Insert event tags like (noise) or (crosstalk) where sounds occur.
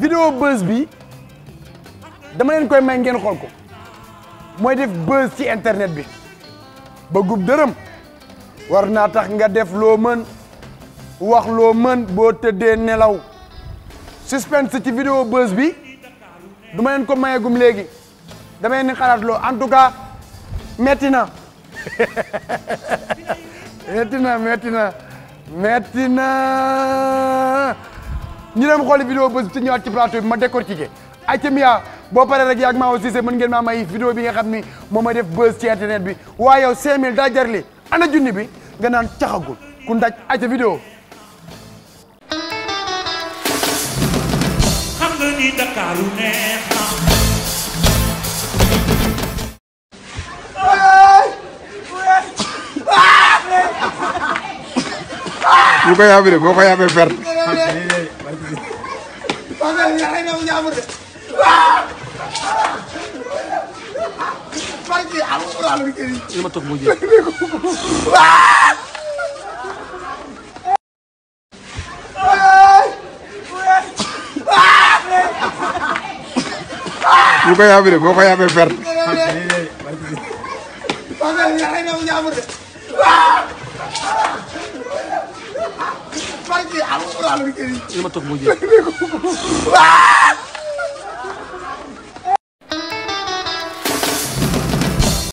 vidéo buzz bi dama leen koy may ngeen xool ko mooy def buzz ci internet bi ba gub dërëm war naa tax nga def loo mën wax loo mën boo tëddee nelaw suspense ci vidéo buzz bi du ma leen ko mayegum léegi dama leen ni xalaat loo en tout mettina metti (laughs) ñu dem xool vidéo bés bi ci ñëwaat ci plateau bi ma décortiquer ayca Mia boo paree rek yaag maa aussi c'est mën ngeen maa may vidéo bi nga xam ni moom mooy def buzz ci internet bi waaye yow 5000 daa jar li ana junni bi nga naan caxagul ku ndaj ayca vidéo xam nga ni Dakaaru neex na wax nga yàlla na mu ñaamul de waaw. parce que amul wàllu liggéey bi. li ma toog moo jël. waaw. bu ko yaabee boo ko yaabee perte. parce que yàlla na mu ñaamul de waaw. barke alxuraanul kariim li ma toog moo jël (laughs)